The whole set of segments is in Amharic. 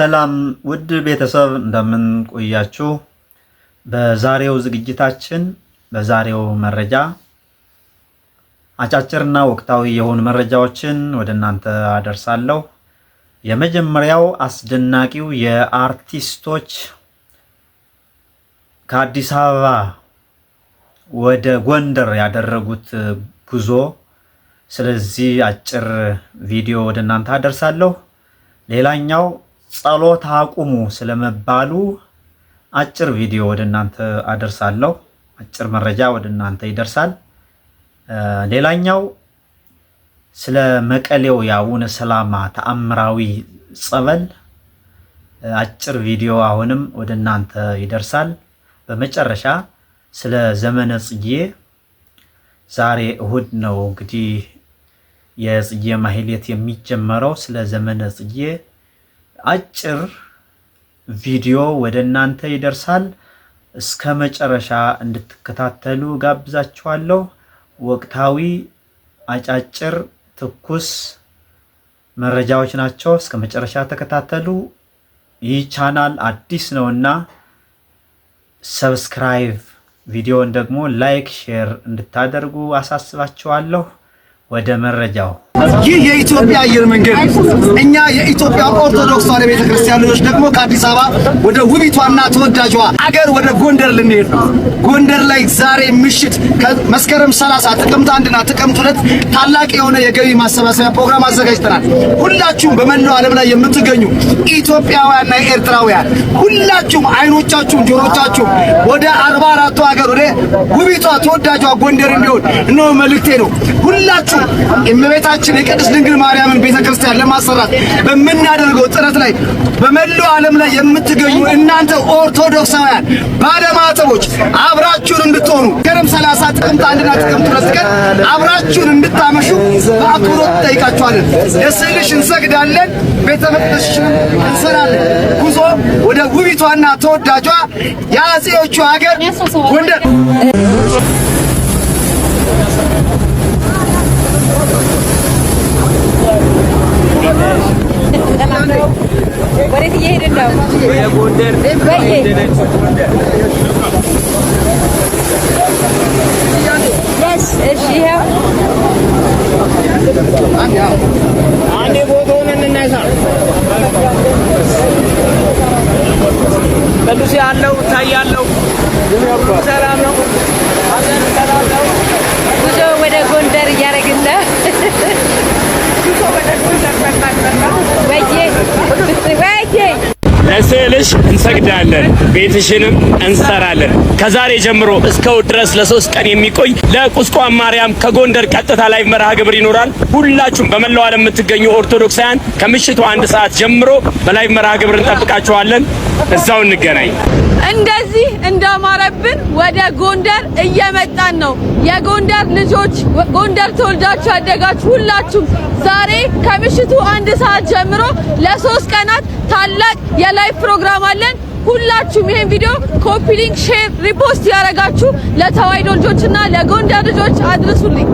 ሰላም ውድ ቤተሰብ እንደምን ቆያችሁ? በዛሬው ዝግጅታችን በዛሬው መረጃ አጫጭርና ወቅታዊ የሆኑ መረጃዎችን ወደ እናንተ አደርሳለሁ። የመጀመሪያው አስደናቂው የአርቲስቶች ከአዲስ አበባ ወደ ጎንደር ያደረጉት ጉዞ፣ ስለዚህ አጭር ቪዲዮ ወደ እናንተ አደርሳለሁ። ሌላኛው ጸሎት አቁሙ ስለመባሉ አጭር ቪዲዮ ወደ እናንተ አደርሳለሁ። አጭር መረጃ ወደ እናንተ ይደርሳል። ሌላኛው ስለ መቀሌው የአቡነ ሰላማ ተአምራዊ ጸበል አጭር ቪዲዮ አሁንም ወደ እናንተ ይደርሳል። በመጨረሻ ስለ ዘመነ ጽጌ ዛሬ እሁድ ነው እንግዲህ የጽጌ ማህሌት የሚጀመረው ስለ ዘመነ ጽጌ አጭር ቪዲዮ ወደ እናንተ ይደርሳል። እስከ መጨረሻ እንድትከታተሉ ጋብዛችኋለሁ። ወቅታዊ አጫጭር ትኩስ መረጃዎች ናቸው። እስከ መጨረሻ ተከታተሉ። ይህ ቻናል አዲስ ነው እና ሰብስክራይብ፣ ቪዲዮን ደግሞ ላይክ፣ ሼር እንድታደርጉ አሳስባችኋለሁ። ወደ መረጃው ይህ የኢትዮጵያ አየር መንገድ እኛ የኢትዮጵያ ኦርቶዶክስ ተዋህዶ ቤተክርስቲያን ልጆች ደግሞ ከአዲስ አበባ ወደ ውቢቷና ተወዳጇ አገር ወደ ጎንደር ልንሄድ ነው። ጎንደር ላይ ዛሬ ምሽት መስከረም 30 ጥቅምት አንድና ጥቅምት ሁለት ታላቅ የሆነ የገቢ ማሰባሰቢያ ፕሮግራም አዘጋጅተናል። ሁላችሁም በመላው ዓለም ላይ የምትገኙ ኢትዮጵያውያንና ኤርትራውያን ሁላችሁም አይኖቻችሁም ጆሮቻችሁም ወደ አርባ አራቱ ሀገር ወደ ውቢቷ ተወዳጇ ጎንደር እንዲሆን እነሆ መልእክቴ ነው። ሁላችሁም የመቤታችን የእናታችን የቅድስት ድንግል ማርያምን ቤተ ክርስቲያን ለማሰራት በምናደርገው ጥረት ላይ በመላው ዓለም ላይ የምትገኙ እናንተ ኦርቶዶክሳውያን ባለማዕተቦች አብራችሁን እንድትሆኑ ከረም 30 ጥቅምት አንድና ጥቅምት ሁለት ቀን አብራችሁን እንድታመሹ በአክብሮት እንጠይቃችኋለን። ለስዕልሽ እንሰግዳለን፣ ቤተ መቅደስሽን እንሰራለን። ጉዞ ወደ ውቢቷና ተወዳጇ የአጼዎቹ ሀገር ጎንደር ጎንደር ሄደች ጎንደር አንዴ ቦታውን እንነሳ። ቅዱስ ያለው ታያለው ሰላም ነው። ጉዞ ወደ ጎንደር እያደረግን ነው። ለስዕልሽ እንሰግዳለን፣ ቤትሽንም እንሰራለን። ከዛሬ ጀምሮ እስከ እሑድ ድረስ ለሶስት ቀን የሚቆይ ለቁስቋም ማርያም ከጎንደር ቀጥታ ላይ መርሃ ግብር ይኖራል። ሁላችሁም በመላው ዓለም የምትገኙ ኦርቶዶክሳውያን ከምሽቱ አንድ ሰዓት ጀምሮ በላይ መርሃ ግብር እንጠብቃችኋለን። እዛው እንገናኝ። እንደዚህ እንዳማረብን ወደ ጎንደር እየመጣን ነው። የጎንደር ልጆች፣ ጎንደር ተወልዳችሁ ያደጋችሁ ሁላችሁም ዛሬ ከምሽቱ አንድ ሰዓት ጀምሮ ለሶስት ቀናት ታላቅ የላይፍ ፕሮግራም አለን። ሁላችሁም ይሄን ቪዲዮ ኮፒ ሊንክ፣ ሼር፣ ሪፖስት ያደረጋችሁ ለተዋሕዶ ልጆችና ለጎንደር ልጆች አድርሱልኝ።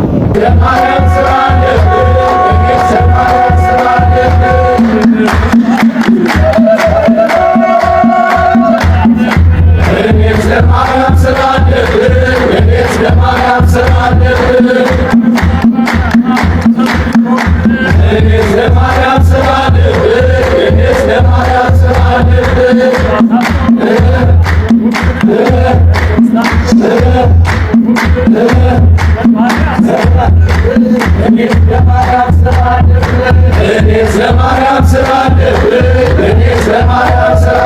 እኔ ስለማርያም ስራ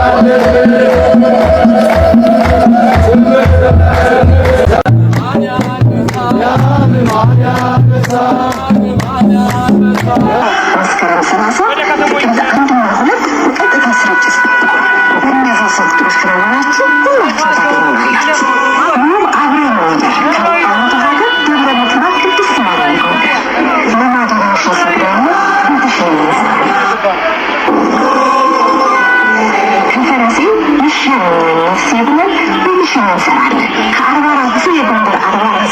አለብኝ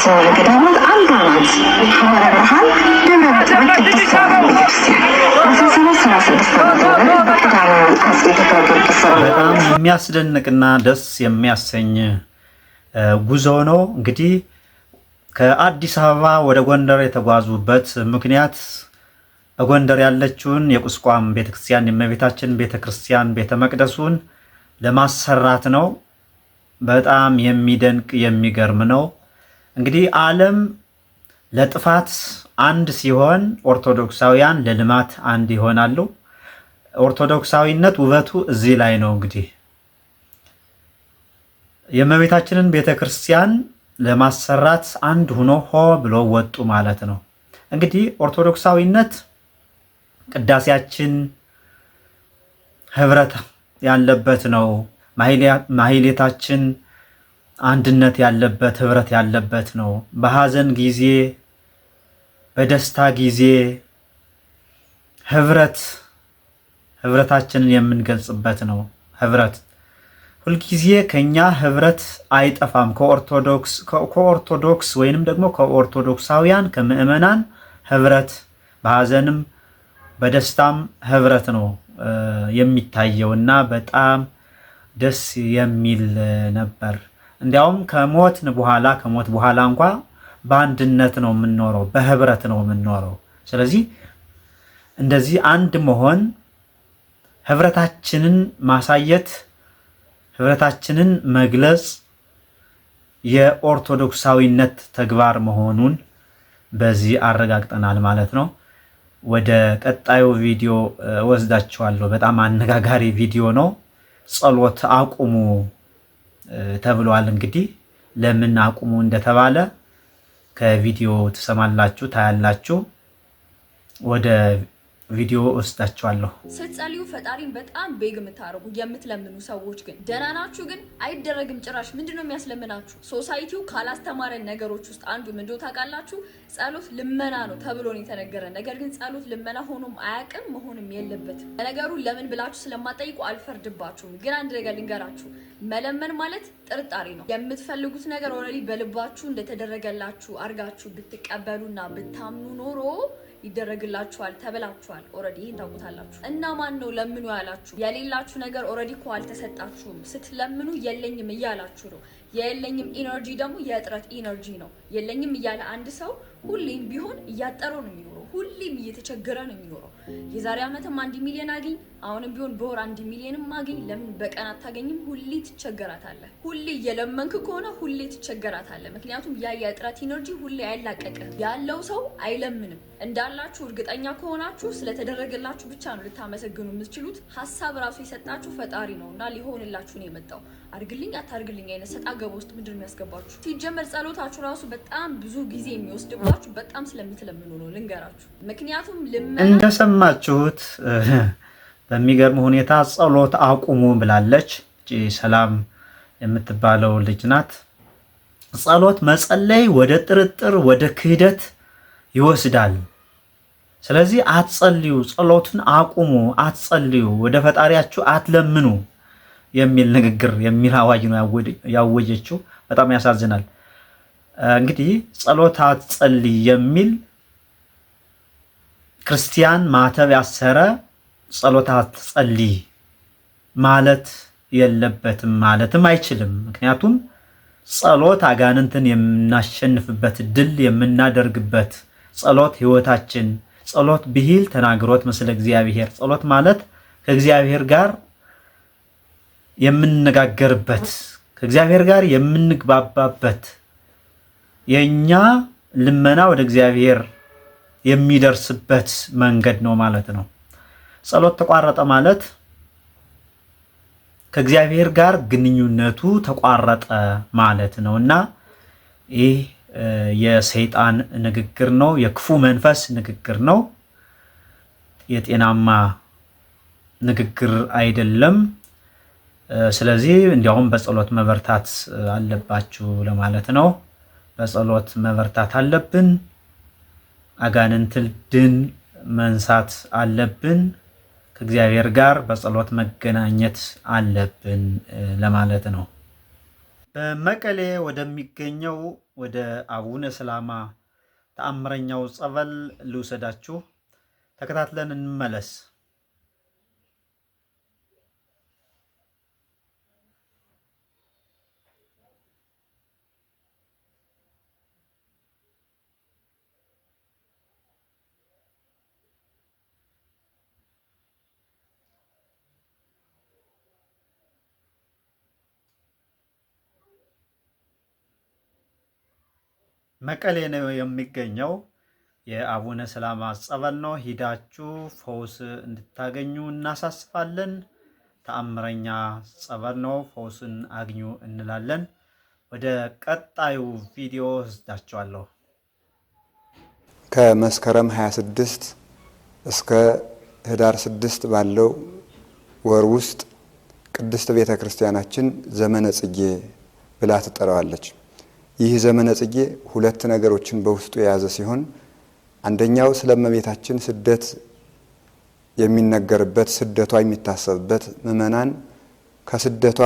ስርወ ገዳማት አንዷ ናት። ሐዋረ ብርሃን ደብረ ምጥማቅ በጣም የሚያስደንቅና ደስ የሚያሰኝ ጉዞ ነው። እንግዲህ ከአዲስ አበባ ወደ ጎንደር የተጓዙበት ምክንያት በጎንደር ያለችውን የቁስቋም ቤተክርስቲያን የእመቤታችን ቤተክርስቲያን ቤተ መቅደሱን ለማሰራት ነው። በጣም የሚደንቅ የሚገርም ነው። እንግዲህ ዓለም ለጥፋት አንድ ሲሆን ኦርቶዶክሳውያን ለልማት አንድ ይሆናሉ። ኦርቶዶክሳዊነት ውበቱ እዚህ ላይ ነው። እንግዲህ የእመቤታችንን ቤተ ክርስቲያን ለማሰራት አንድ ሆኖ ሆ ብሎ ወጡ ማለት ነው። እንግዲህ ኦርቶዶክሳዊነት ቅዳሴያችን ህብረት ያለበት ነው። ማህሌታችን አንድነት ያለበት ህብረት ያለበት ነው። በሐዘን ጊዜ በደስታ ጊዜ ህብረት ህብረታችንን የምንገልጽበት ነው። ህብረት ሁልጊዜ ከኛ ህብረት አይጠፋም። ከኦርቶዶክስ ወይንም ደግሞ ከኦርቶዶክሳውያን ከምዕመናን ህብረት በሐዘንም በደስታም ህብረት ነው የሚታየው እና በጣም ደስ የሚል ነበር። እንዲያውም ከሞትን በኋላ ከሞት በኋላ እንኳ በአንድነት ነው የምንኖረው፣ በህብረት ነው የምንኖረው። ስለዚህ እንደዚህ አንድ መሆን ህብረታችንን ማሳየት ህብረታችንን መግለጽ የኦርቶዶክሳዊነት ተግባር መሆኑን በዚህ አረጋግጠናል ማለት ነው። ወደ ቀጣዩ ቪዲዮ ወስዳችኋለሁ። በጣም አነጋጋሪ ቪዲዮ ነው። ጸሎት አቁሙ ተብሏል። እንግዲህ ለምን አቁሙ እንደተባለ ከቪዲዮ ትሰማላችሁ፣ ታያላችሁ። ወደ ቪዲዮ ወስዳችኋለሁ። ስትጸልዩ ፈጣሪን በጣም ቤግ የምታደርጉ የምትለምኑ ሰዎች ግን ደህና ናችሁ? ግን አይደረግም ጭራሽ። ምንድን ነው የሚያስለምናችሁ? ሶሳይቲው ካላስተማረን ነገሮች ውስጥ አንዱ ምንዶ ታውቃላችሁ? ጸሎት ልመና ነው ተብሎ ነው የተነገረ ነገር ግን ጸሎት ልመና ሆኖም አያውቅም፣ መሆንም የለበትም። ነገሩ ለምን ብላችሁ ስለማጠይቁ አልፈርድባችሁም። ግን አንድ ነገር ልንገራችሁ መለመን ማለት ጥርጣሬ ነው። የምትፈልጉት ነገር ኦልሬዲ በልባችሁ እንደተደረገላችሁ አድርጋችሁ ብትቀበሉና ብታምኑ ኖሮ ይደረግላችኋል ተብላችኋል። ኦልሬዲ ይህን ታውቁታላችሁ። እና ማን ነው ለምኑ ያላችሁ? የሌላችሁ ነገር ኦልሬዲ እኮ አልተሰጣችሁም። ስትለምኑ የለኝም እያላችሁ ነው። የለኝም ኢነርጂ ደግሞ የእጥረት ኢነርጂ ነው። የለኝም እያለ አንድ ሰው ሁሌም ቢሆን እያጠረው ነው የሚኖረው። ሁሌም እየተቸገረ ነው የሚኖረው። የዛሬ ዓመትም አንድ ሚሊዮን አግኝ፣ አሁንም ቢሆን በወር አንድ ሚሊዮንም አግኝ፣ ለምን በቀን አታገኝም? ሁሌ ትቸገራታለህ። ሁሌ እየለመንክ ከሆነ ሁሌ ትቸገራታለህ። ምክንያቱም ያ የእጥረት ኢነርጂ ሁሌ አይላቀቅም። ያለው ሰው አይለምንም። እንዳላችሁ እርግጠኛ ከሆናችሁ ስለተደረገላችሁ ብቻ ነው ልታመሰግኑ የምትችሉት። ሀሳብ ራሱ የሰጣችሁ ፈጣሪ ነው እና ሊሆንላችሁ ነው የመጣው። አድርግልኝ አታርግልኝ አይነት ሰጣ ገባ ውስጥ ምድር የሚያስገባችሁ ሲጀመር ጸሎታችሁ ራሱ በጣም ብዙ ጊዜ የሚወስድባችሁ በጣም ስለምትለምኑ ነው። ልንገራችሁ ምክንያቱም ልመና እንደሰማችሁት በሚገርም ሁኔታ ጸሎት አቁሙ ብላለች። ሰላም የምትባለው ልጅ ናት። ጸሎት መጸለይ ወደ ጥርጥር ወደ ክህደት ይወስዳል። ስለዚህ አትጸልዩ፣ ጸሎቱን አቁሙ፣ አትጸልዩ፣ ወደ ፈጣሪያችሁ አትለምኑ የሚል ንግግር የሚል አዋጅ ነው ያወጀችው። በጣም ያሳዝናል። እንግዲህ ጸሎት አትጸልይ የሚል ክርስቲያን ማተብ ያሰረ ጸሎት አትጸልይ ማለት የለበትም ማለትም አይችልም። ምክንያቱም ጸሎት አጋንንትን የምናሸንፍበት ድል የምናደርግበት ጸሎት ህይወታችን ጸሎት ብሂል ተናግሮት ምስለ እግዚአብሔር ጸሎት ማለት ከእግዚአብሔር ጋር የምንነጋገርበት ከእግዚአብሔር ጋር የምንግባባበት የእኛ ልመና ወደ እግዚአብሔር የሚደርስበት መንገድ ነው ማለት ነው። ጸሎት ተቋረጠ ማለት ከእግዚአብሔር ጋር ግንኙነቱ ተቋረጠ ማለት ነው እና ይህ የሰይጣን ንግግር ነው፣ የክፉ መንፈስ ንግግር ነው። የጤናማ ንግግር አይደለም። ስለዚህ እንዲያውም በጸሎት መበርታት አለባችሁ ለማለት ነው። በጸሎት መበርታት አለብን። አጋንንትን ድን መንሳት አለብን። ከእግዚአብሔር ጋር በጸሎት መገናኘት አለብን ለማለት ነው። በመቀሌ ወደሚገኘው ወደ አቡነ ስላማ ተአምረኛው ጸበል ልውሰዳችሁ፣ ተከታትለን እንመለስ። መቀሌ ነው የሚገኘው የአቡነ ሰላማ ጸበል ነው። ሂዳችሁ ፈውስ እንድታገኙ እናሳስፋለን። ተአምረኛ ጸበል ነው። ፈውስን አግኙ እንላለን። ወደ ቀጣዩ ቪዲዮ ወስዳችኋለሁ። ከመስከረም 26 እስከ ህዳር 6 ባለው ወር ውስጥ ቅድስት ቤተ ክርስቲያናችን ዘመነ ጽጌ ብላ ትጠራዋለች። ይህ ዘመነ ጽጌ ሁለት ነገሮችን በውስጡ የያዘ ሲሆን አንደኛው ስለ እመቤታችን ስደት የሚነገርበት ስደቷ የሚታሰብበት ምእመናን ከስደቷ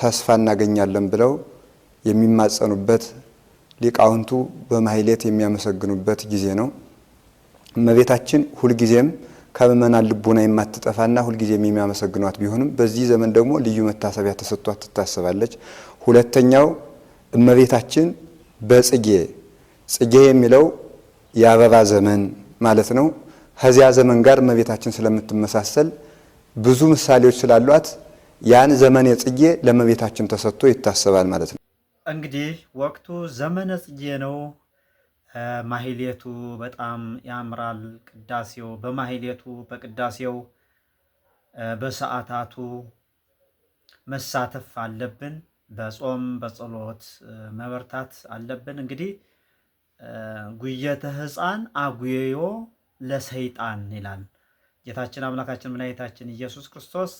ተስፋ እናገኛለን ብለው የሚማጸኑበት ሊቃውንቱ በማሕሌት የሚያመሰግኑበት ጊዜ ነው። እመቤታችን ሁልጊዜም ከምእመናን ልቡና የማትጠፋና ሁልጊዜም የሚያመሰግኗት ቢሆንም በዚህ ዘመን ደግሞ ልዩ መታሰቢያ ተሰጥቷት ትታሰባለች። ሁለተኛው እመቤታችን በጽጌ ጽጌ የሚለው የአበባ ዘመን ማለት ነው። ከዚያ ዘመን ጋር እመቤታችን ስለምትመሳሰል ብዙ ምሳሌዎች ስላሏት ያን ዘመን የጽጌ ለእመቤታችን ተሰጥቶ ይታሰባል ማለት ነው። እንግዲህ ወቅቱ ዘመነ ጽጌ ነው። ማህሌቱ በጣም ያምራል። ቅዳሴው በማህሌቱ በቅዳሴው በሰዓታቱ መሳተፍ አለብን። በጾም በጸሎት መበርታት አለብን። እንግዲህ ጉየተ ሕፃን አጉዮ ለሰይጣን ይላል ጌታችን አምላካችን መድኃኒታችን ኢየሱስ ክርስቶስ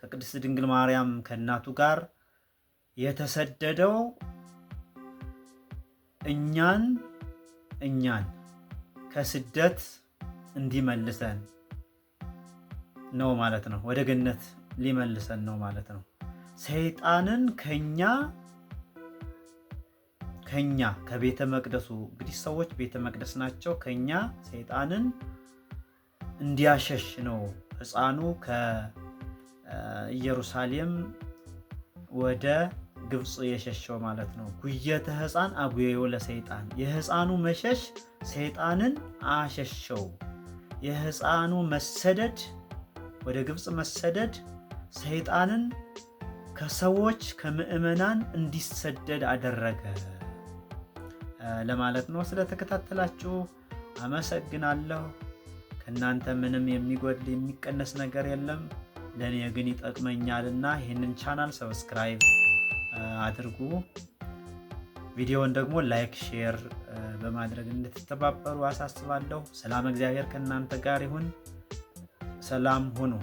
ከቅድስት ድንግል ማርያም ከእናቱ ጋር የተሰደደው እኛን እኛን ከስደት እንዲመልሰን ነው ማለት ነው። ወደ ገነት ሊመልሰን ነው ማለት ነው። ሰይጣንን ከኛ ከኛ ከቤተ መቅደሱ እንግዲህ ሰዎች ቤተ መቅደስ ናቸው። ከኛ ሰይጣንን እንዲያሸሽ ነው ሕፃኑ ከኢየሩሳሌም ወደ ግብፅ የሸሸው ማለት ነው። ጉየተ ሕፃን አጉየዮ ለሰይጣን የሕፃኑ መሸሽ ሰይጣንን አሸሸው። የሕፃኑ መሰደድ ወደ ግብፅ መሰደድ ሰይጣንን ከሰዎች ከምእመናን እንዲሰደድ አደረገ ለማለት ነው። ስለተከታተላችሁ አመሰግናለሁ። ከእናንተ ምንም የሚጎድል የሚቀነስ ነገር የለም፣ ለእኔ ግን ይጠቅመኛልና ይህንን ቻናል ሰብስክራይብ አድርጉ። ቪዲዮውን ደግሞ ላይክ፣ ሼር በማድረግ እንድትተባበሩ አሳስባለሁ። ሰላም፣ እግዚአብሔር ከእናንተ ጋር ይሁን። ሰላም ሁኑ።